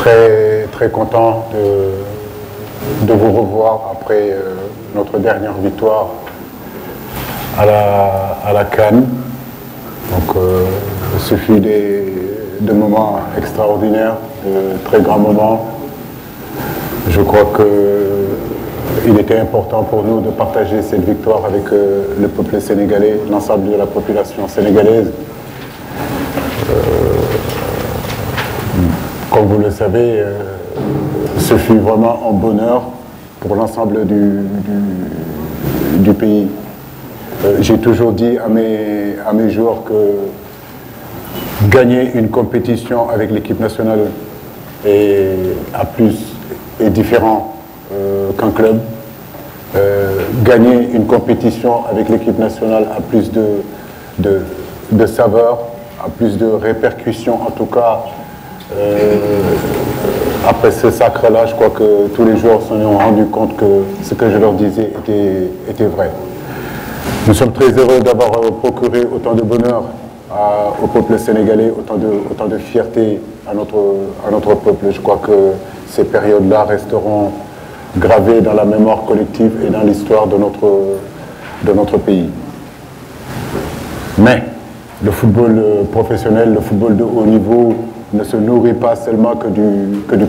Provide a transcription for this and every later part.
très, très content de, de vous revoir après euh, notre dernière victoire à la, à la Cannes. Donc, euh, ce fut des, des, moments extraordinaires, de très grands moments. Je crois qu'il euh, était important pour nous de partager cette victoire avec euh, le peuple sénégalais, l'ensemble de la population sénégalaise. Euh, comme vous le savez, euh, ce fut vraiment un bonheur pour l'ensemble du, du, du, pays. Euh, J'ai toujours dit à mes, à mes joueurs que gagner une compétition avec l'équipe nationale est, à plus, est différent euh, qu'un club. Euh, gagner une compétition avec l'équipe nationale a plus de, de, de saveur, a plus de répercussions en tout cas Euh, après ce sacre-là, je crois que tous les joueurs se sont rendus compte que ce que je leur disais était, était vrai. Nous sommes très heureux d'avoir euh, procuré autant de bonheur à, au peuple sénégalais, autant de, autant de fierté à notre, à notre peuple. Je crois que ces périodes-là resteront gravées dans la mémoire collective et dans l'histoire de notre, de notre pays. Mais le football euh, professionnel, le football de haut niveau, ne se nourrit pas seulement que du, que euh,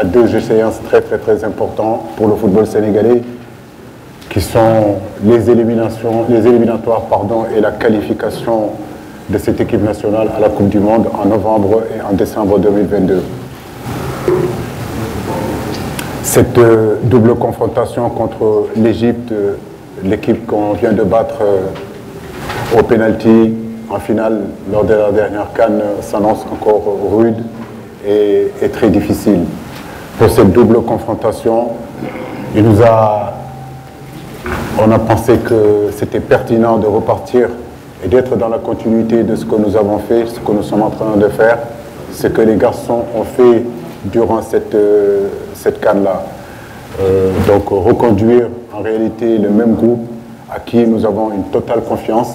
à deux échéances très très très importantes pour le football sénégalais, qui sont les éliminations, les éliminatoires pardon, de en novembre et en décembre 2022. Cette euh, double confrontation contre l'Égypte, euh, l'équipe au pénalty en finale lors de la dernière CAN euh, s'annonce encore euh, rude et, et très difficile. Pour cette double confrontation, il nous a, on a pensé que c'était pertinent de repartir et d'être dans la continuité de ce que nous avons fait, ce que nous sommes en train de faire, ce que les garçons ont fait durant cette, euh, cette canne-là. Euh, donc reconduire en réalité le même groupe à qui nous avons une totale confiance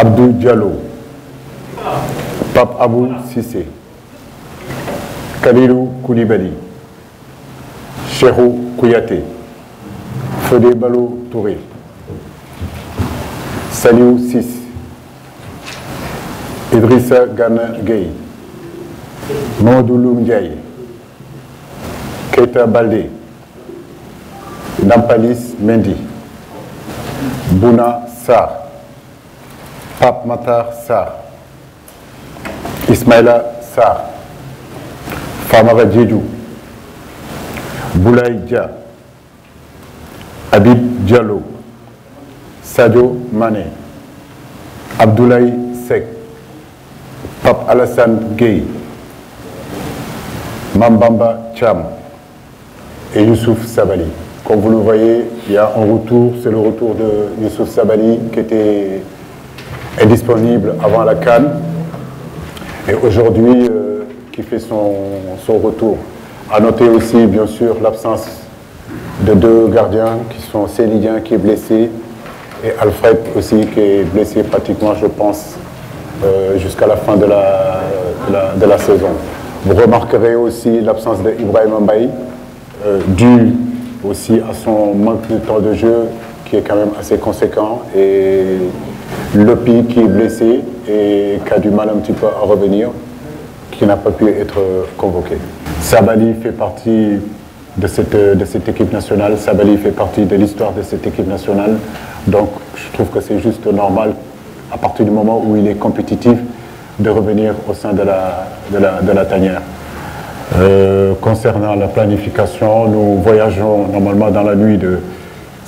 Abdou Diallo Pape Abou Cissé Kalilou Koulibaly Cheikhou Kouyaté Fodé Ballo Touré Saliou Ciss Idrissa Gana Gueye Mamadou Loum Ndiaye Keita Nampalis Mendy Bouna Sarr Pape Matar Sarr Ismaïla Sarr Famara Diédhiou Boulaye Dia Habib Diallo Sadio Mané Abdoulaye Seck Pape Alassane Gueye Mambamba Thiam et Youssouf Sabali. Comme vous le voyez, il y a un retour, c'est le retour de Youssouf Sabali qui était est disponible avant la Cannes et aujourd'hui euh, qui fait son, son retour. À noter aussi, bien sûr, l'absence de deux gardiens qui sont Célidien qui est blessé et Alfred aussi qui est blessé pratiquement, je pense, euh, jusqu'à la fin de la, de la, de la, saison. Vous remarquerez aussi l'absence d'Ibrahim Mbaye, euh, due aussi à son manque de temps de jeu qui est quand même assez conséquent et Lopi qui est blessé et qui a du mal un petit peu à revenir, qui n'a pas pu être convoqué. Sabali fait partie de cette, de cette équipe nationale, Sabali fait partie de l'histoire de cette équipe nationale, donc je trouve que c'est juste normal, à partir du moment où il est compétitif, de revenir au sein de la, de la, de la tanière. Euh, concernant la planification, nous voyageons normalement dans la nuit de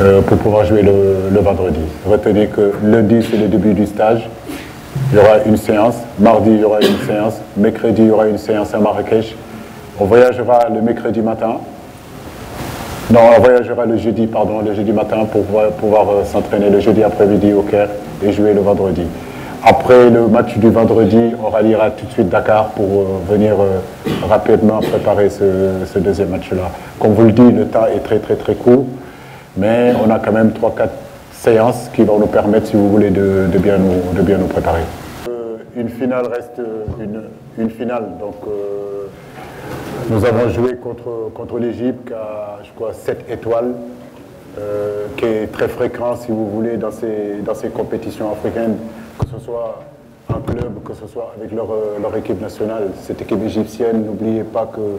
euh, pour pouvoir jouer le, le vendredi. Retenez que lundi, c'est le début du stage. Il y aura une séance. Mardi, il y aura une séance. Mercredi, il y aura une séance à Marrakech. On voyagera le mercredi matin. Non, on voyagera le jeudi, pardon, le jeudi matin pour pouvoir, pouvoir euh, s'entraîner le jeudi après-midi au Caire et jouer le vendredi. Après le match du vendredi, on ralliera tout de suite Dakar pour euh, venir euh, rapidement préparer ce, ce deuxième match-là. Comme vous le dites, le temps est très très très court. Cool. Mais on a quand même 3-4 séances qui vont nous permettre, si vous voulez, de, de bien, nous, de bien nous préparer. Euh, une finale reste une, une finale. Donc, euh, nous avons joué contre, contre l'Égypte qui a, je crois, 7 étoiles, euh, qui est très fréquent, si vous voulez, dans ces, dans ces compétitions africaines, que ce soit en club, que ce soit avec leur, euh, leur équipe nationale. Cette équipe égyptienne, n'oubliez pas que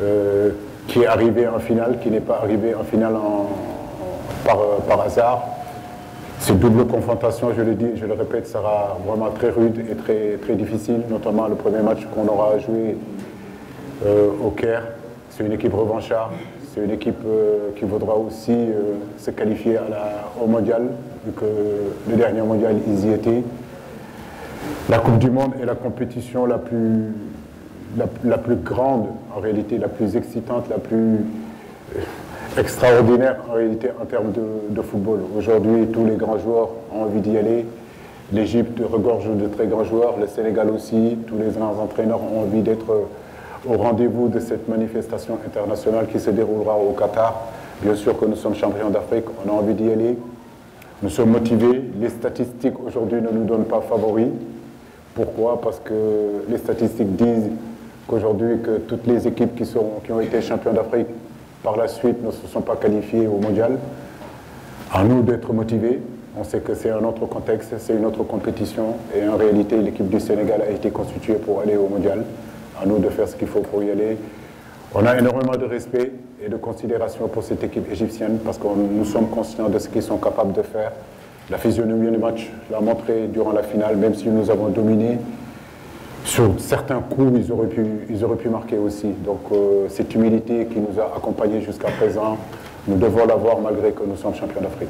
euh, qui est arrivé en finale, qui n'est pas arrivé en finale en, en, par, euh, par, hasard. Cette double confrontation, je le dis, je le répète, sera vraiment très rude et très, très difficile, notamment le premier match qu'on aura à jouer euh, au Caire. C'est une équipe revancharde, c'est une équipe euh, qui voudra aussi euh, se qualifier à la, au mondial, vu que le dernier mondial, ils y étaient. La Coupe du Monde est la compétition la plus, la, la plus grande en réalité la plus excitante, la plus euh, extraordinaire en réalité en termes de, de football. Aujourd'hui, tous les grands joueurs ont envie d'y aller. L'Égypte regorge de très grands joueurs, le Sénégal aussi. Tous les grands entraîneurs ont envie d'être euh, au rendez-vous de cette manifestation internationale qui se déroulera au Qatar. Bien sûr que nous sommes champions d'Afrique, on a envie d'y aller. Nous sommes motivés. Les statistiques aujourd'hui ne nous donnent pas favoris. Pourquoi Parce que les statistiques disent qu'aujourd'hui, que toutes les équipes qui, sont, qui ont été champions d'Afrique par la suite ne se sont pas qualifiées au mondial. À nous d'être motivés. On sait que c'est un autre contexte, c'est une autre compétition. Et en réalité, l'équipe du Sénégal a été constituée pour aller au mondial. À nous de faire ce qu'il faut pour y aller. On a énormément de respect et de considération pour cette équipe égyptienne parce que nous sommes conscients de ce qu'ils sont capables de faire. La physionomie du match l'a montré durant la finale, même si nous avons dominé, Sur certains coups, ils auraient pu, ils auraient pu marquer aussi. Donc euh, cette humilité qui nous a accompagnés jusqu'à présent, nous devons l'avoir malgré que nous sommes champions d'Afrique.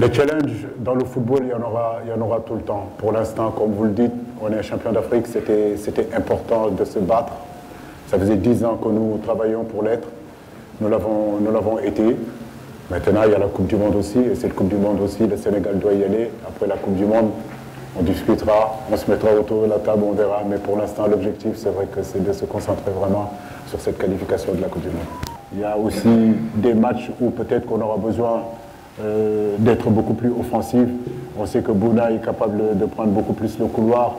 Les challenges dans le football, il y en aura, il y en aura tout le temps. Pour l'instant, comme vous le dites, on est champion d'Afrique, c'était important de se battre. Ça faisait dix ans que nous travaillions pour l'être. Nous l'avons été. Maintenant, il y a la Coupe du Monde aussi, et cette Coupe du Monde aussi, le Sénégal doit y aller. Après la Coupe du Monde, on discutera, on se mettra autour de la table, on verra. Mais pour l'instant, l'objectif, c'est vrai que c'est de se concentrer vraiment sur cette qualification de la Coupe du Monde. Il y a aussi des matchs où peut-être qu'on aura besoin euh, d'être beaucoup plus offensif. On sait que Bouna est capable de prendre beaucoup plus le couloir.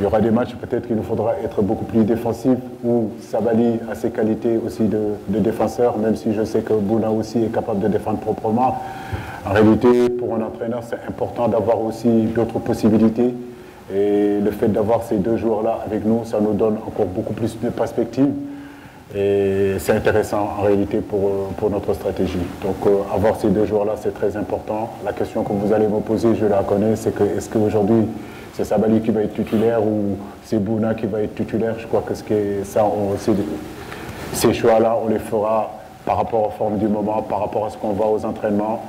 Il y aura des matchs peut-être qu'il nous faudra être beaucoup plus défensif, où Sabali a ses qualités aussi de, de défenseur, même si je sais que Bouna aussi est capable de défendre proprement. En réalité, pour un entraîneur, c'est important d'avoir aussi d'autres possibilités. Et le fait d'avoir ces deux joueurs-là avec nous, ça nous donne encore beaucoup plus de perspectives. Et c'est intéressant en réalité pour, pour notre stratégie. Donc euh, avoir ces deux joueurs-là, c'est très important. La question que vous allez me poser, je la connais, c'est que est-ce qu'aujourd'hui c'est Sabali qui va être titulaire ou c'est Bouna qui va être titulaire Je crois que, ce que ça, on, ces choix-là, on les fera par rapport aux formes du moment, par rapport à ce qu'on voit aux entraînements.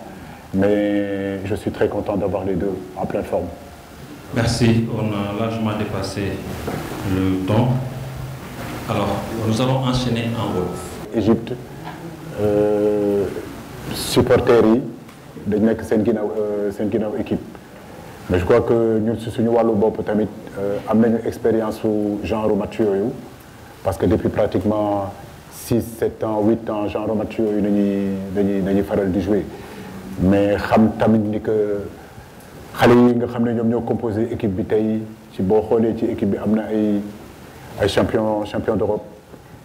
mais je suis très content d'avoir les deux pleine forme. Merci, on a largement dépassé le temps. nous allons enchaîner en wolof. Égypte euh, supporters yi dañ nekk seen ginnaaw euh, seen ginnaaw équipe mais je crois que ñun si suñu wàllu bopp tamit euh, am nañu expérience su genre match yooyu parce que depuis pratiquement six sept ans huit ans genre match yooyu dañuy dañuy dañuy faral di jouer. mais xam tamit ni que xale yi nga xam ne ñoom ñoo composé équipe bi tey ci boo xoolee ci équipe bi am na ay ay champion champion d'Europe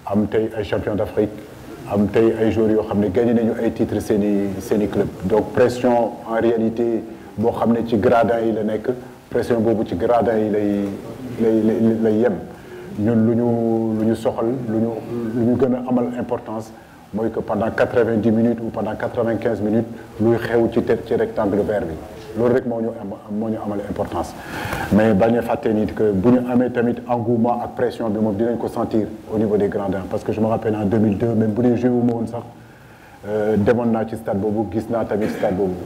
am tey ay champion d'Afrique am tey ay joueurs yoo xam ne gagné nañu ay titre seen i seen i club donc pression en réalité boo xam ne ci gradin yi la nekk pression boobu ci gradin yi lay lay lay yem ñun lu ñu lu ñu soxal lu ñu lu ñu gën a amal importance mooy que pendant quatre-vingt-dix minutes ou pendant quatre-vingt-quinze minutes luy xew ci te ci rectangle vert bi loolu rek moo ñu moo importance mais bañ a fàtte nit que bu ñu amee tamit engouement ak pression bi moom dinañ ko sentir au niveau des gradins parce que je me rappelle en 2002 même bu dee joué sax euh, demoon naa ci stade boobu gis naa tamit stade boobu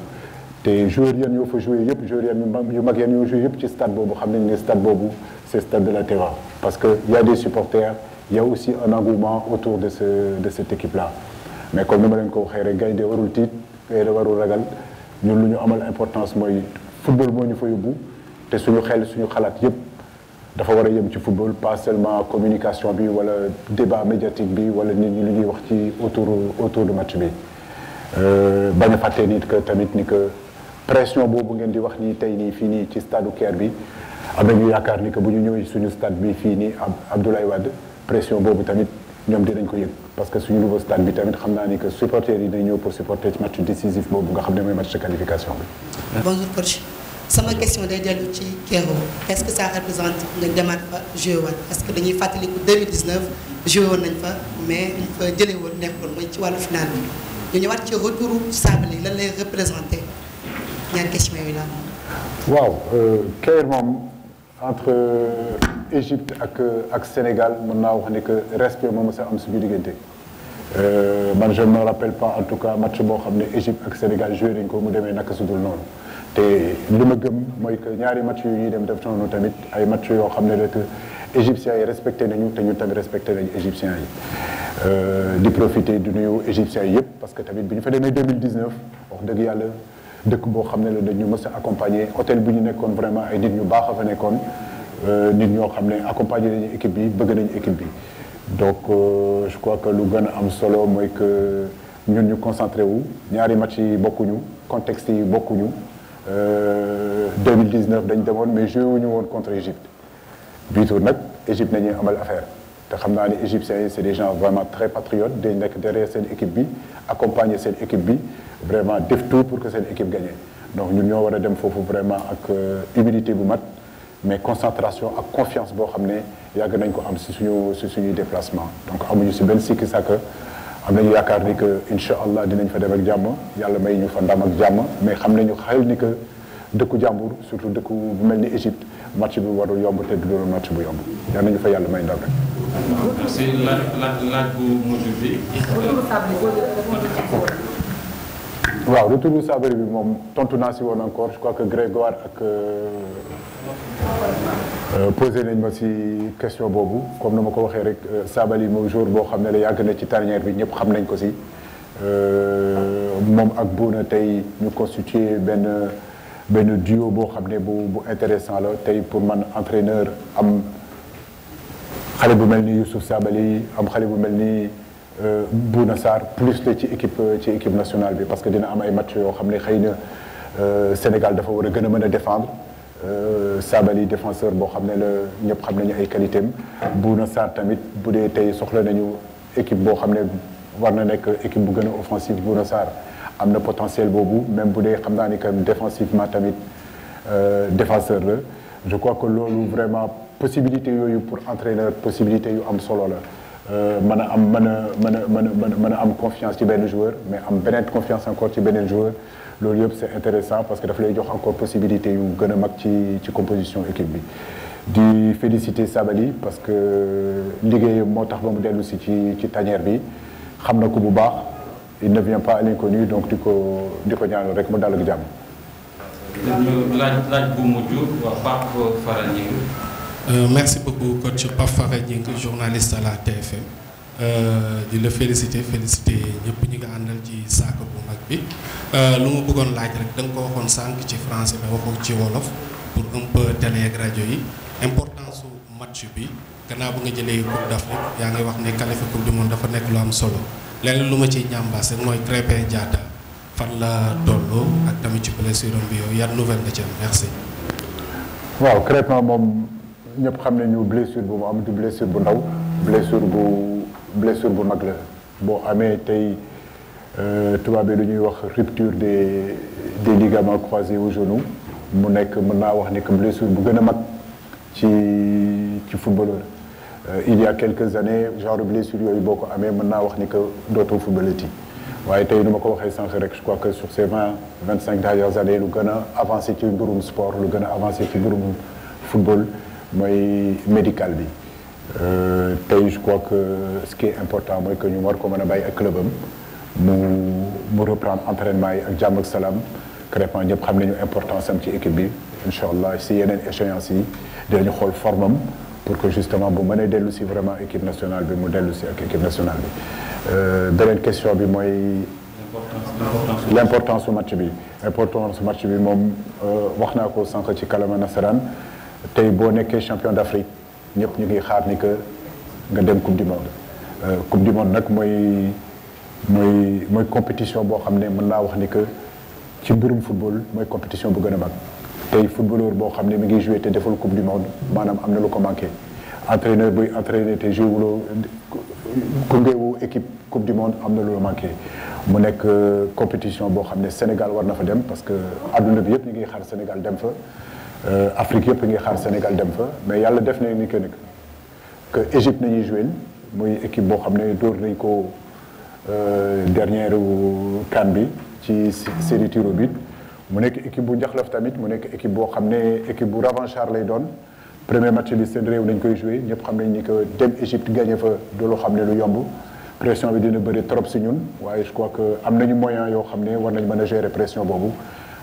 te joueurs yan yoo fa joué yëpp joueurs yan yu mag yan yoo joué yëpp ci stade boobu xam nañ ne stade boobu c'est stade de la terreur parce que y a des supporters il aussi un engouement autour de ce de cette équipe là mais comme ni ma leen ko waxee rek gaynde warul tiit gaynde warul ragal ñun lu ñu amal importance mooy football moo ñu fa yóbbu te suñu xel suñu xalaat yépp dafa war a yem ci football pas seulement communication bi wala débat médiatique bi wala nit ñi lu ñuy wax ci autour autour du match bi euh, bañ a fàtte nit que tamit ni que pression boobu ngeen di wax nii tey nii fii nii ci stade Caire bi am nañu yaakaar ni que bu ñu ñëwee suñu stade bi fii nii Abdoulaye Wade pression boobu tamit ñoom dinañ ko yëg parce que suñu nouveau stade bi tamit xam naa ni que supporters yi dañ ñëw pour supporter ci match décisif boobu nga xam ne mooy match de qualification bi. bonjour coach sama question day dellu ci Kero est-ce que ça représente fa joué parce que dañuy fàttaliku 2019 joué woon nañ fa mais liñ fa jëlee woon nekkoon mooy ci wàllu final bi ñu ñëwaat ci retouru Sabaly lan lay représenté ñaar entre euh, Égypte ak euh, ak Sénégal mën naa wax ne que respect moom sa am suñu diggante euh, man je ne me rappelle pas en tout cas match boo xam ne Égypte ak Sénégal joué ko mu demee naka sudul noonu te li ma gëm mooy que ñaari match yu ñuy dem def noonu tamit ay match yoo xam ne rek égyptiens yi respecté nañu te ñu tamit respecté nañu égyptiens yi di profiter du nuyu égyptiens yi yëpp parce que tamit bi ñu fa demee 2019 wax dëgg yàlla dëkk boo xam ne la dañu mës a accompagner hôtel bi ñu nekkoon vraiment ay nit ñu baax a fa nekkoon euh, nit ñoo xam ne accompagner nañu équipe bi bëgg nañu équipe bi donc euh, je crois que lu gën a am solo mooy que ñun ñu concentré wu ñaari match yi bokkuñu contexte yi bokkuñu 2019 euh, dañ demoon mais joué wuñu woon contre Égypte bii nag Égypte nañuy amal affaire te xam naa ne égyptiens yi c'est des gens vraiment très patriotes day nekk derrière seen équipe bi accompagner seen équipe bi vraiment def tout pour que seen équipe gagne donc ñu ñoo war a dem foofu vraiment ak euh, humilité bu mat mais concentration ak confiance boo xam ne yàgg nañ ko am si suñu si suñuy déplacement donc amuñu si benn sikki sàkk am nañu yaakaar ni que incha allah dinañ fa dem ak jàmm yàlla may ñu fa ndam ak jàmm mais xam nañu xel ni que dëkku jàmbur surtout dëkku bu mel ni Égypte match bi warul yomb te du doon match bu yomb yàlla nañu fa yàlla may ndam si laaj laaj laaj bi. waaw retour bu bi moom tontu naa si woon encore je crois que Grégoire ak euh, euh, posé nañ ma si question boobu comme na ma ko waxee rek euh, Sabaly moom jour boo xam ne la yàgg na ci tanière bi ñëpp xam nañ ko si moom ak Bouna tey ñu constitué benn benn duo boo xam ne bu bu intéressant la tey pour man entraîneur am xale bu mel ni Youssouf Sabaly am xale bu mel ni euh, Bouna Sarr plus la ci équipe euh, ci équipe nationale bi parce que dina am ay match yoo xam ne xëy na euh, Sénégal dafa war a gën a mën a défendre Sabaly défenseur boo xam ne la ñëpp xam nañu ay qualité am Bouna Sarr tamit bu dee tey soxla nañu équipe boo xam ne war na nekk équipe bu gën a offensive Bouna Sarr am na potentiel boobu même bu dee xam naa ni que défensivement tamit défenseur la je loolu vraiment possibilité yooyu pour entraîneur possibilité yu am solo la euh, mën a am mën a mën a mën a mën a am confiance ci benn joueur mais am beneen confiance encore ci beneen joueur loolu yëpp c'est intéressant parce que daf lay jox encore possibilité yu gën a mag ci ci composition équipe bi di féliciter Sabaly parce que liggéey moo tax ba mu dellu si ci ci tanière bi xam na ko bu baax il ne vient pas à l'inconnu donc di ko di ko ñaanal rek mu dal ak jàmm. Euh, merci beaucoup coach Pape Faye Dieng journaliste à la TFM euh, di la félicité féliciter ñëpp ñu nga àndal ci saako bu mag bi euh, lu ma bëggoon laaj rek da ko waxoon sànq ci français mais waxoo ci wolof pour un télé ak rajo yi importance su match bi gannaaw ba nga jëlee Coupe d'Afrique yaa ngi wax ne kalifa Coupe du monde dafa nekk lu am solo leneen lu ma ciy ñambaase mooy Krépin Diatta fan la tolloo ak tamit ci blessure bi yow yan nouvelle nga ci am merci. waaw Krépin moom. ñëpp xam nañu blessure bu mu am du blessure bu ndaw blessure bu blessure bu mag la boo amee tey euh, tubaab bi lu ñuy wax rupture des des ligaments croisés au jono mu nekk mën naa wax ni que blessure bu gën a mag ci ci footballeur euh, il y a quelques années genre blessure yooyu boo ko amee mën naa wax ni que dootoo footballati waaye tey nu ma ko waxee sànq rek je crois que sur ces vingt cinq dernières années lu gën a avancé ci mbirum sport lu gën a avancé ci mbirum football. mooy médical bi euh, tey je crois que ce est important mooy que ñu war ko mën a bàyyi ak club am mu mu reprendre entraînement yi ak jàmm ak salaam Krépin ñëpp xam nañu important am ci équipe bi incha allah si yeneen échéances yi dinañu xool forme am pour que justement bu mënee dellu si vraiment équipe nationale bi mu dellu si ak équipe nationale bi euh, beneen question bi mooy. l' su match bi. importance su match bi moom euh, wax naa ko sànq ci kàllaama nasaraan. tey boo nekkee champion d'Afrique ñëpp ñu ngi xaar ni que nga dem coupe du monde euh, coupe du monde nag mooy mooy mooy compétition boo xam ne mën naa wax ni que ci mbirum football mooy compétition bu gën a mag tey footballeur boo xam ne mi ngi joué te deful coupe du monde maanaam am na lu ko manqué entraîneur buy entraîné te joué wuloo gungewu équipe coupe du monde am na lu la manqué mu nekk euh, compétition boo xam ne Sénégal war na fa dem parce que adduna yëpp ñu ngi xaar Sénégal dem fa Euh, Afrique yëpp ngi xaar Sénégal dem fa mais yàlla def na ni que ni Égypte nañuy joué muy équipe boo xam ne dóor nañ ko euh, dernière CAN bi ci série tir au but mu nekk équipe bu njaxlaf tamit mu nekk équipe boo xam ne équipe bu revanchard lay doon premier match bi seen réew nañ koy joué ñëpp xam nañ ni que dem Égypte gagné fa du loo xam ne lu yomb pression bi dina bëri trop si ñun waaye je crois que am nañu moyen yoo xam ne war nañ mën a gérer pression boobu.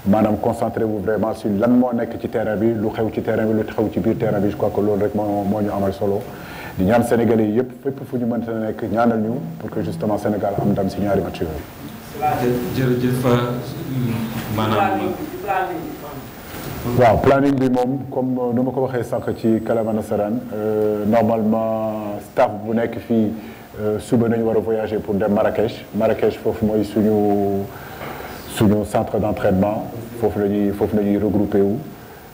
maanaam concentré bu vraiment si lan moo nekk ci terrain bi lu xew ci terrain bi lu xew ci biir terrain bi je crois loolu rek moo moo ñu solo di ñaan yi yëpp fépp fu ñu mënta nekk ñaanal ñu pour que justement Sénégal am ndam si ñaari match yooyu. jërëjëf maanaam. waaw planning bi moom comme nu ma ko waxee sànq ci kalama nasaraan euh, normalement staff bu nekk fii euh, suba nañu war a voyager pour dem Marrakech Marrakech foofu mooy suñu. suñu centre d'entraînement foofu la ñuy foofu la ñuy regroupé wu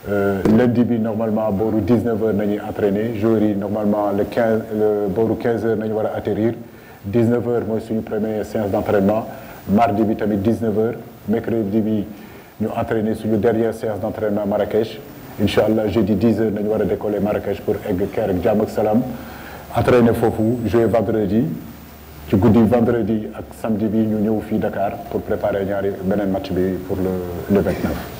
euh, lundi bi normalement booru 19 heures nañuy entraîné jours yi normalement le 15 le booru 15 heures nañu war a atterrir 19 heures mooy suñu première séance d'entraînement mardi bi tamit 19 heures mercredi bi ñu entraîné suñu dernière séance d'entraînement Marrakech incha allah jeudi 10 heures nañu war a décoller Marrakech pour egg Caire ak salaam ak salaam entraîné foofu jouer vendredi. ci guddi vendredi ak samedi bi ñu ñëw fii Dakar pour préparer ñaari beneen match bi pour le le 29.